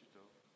digital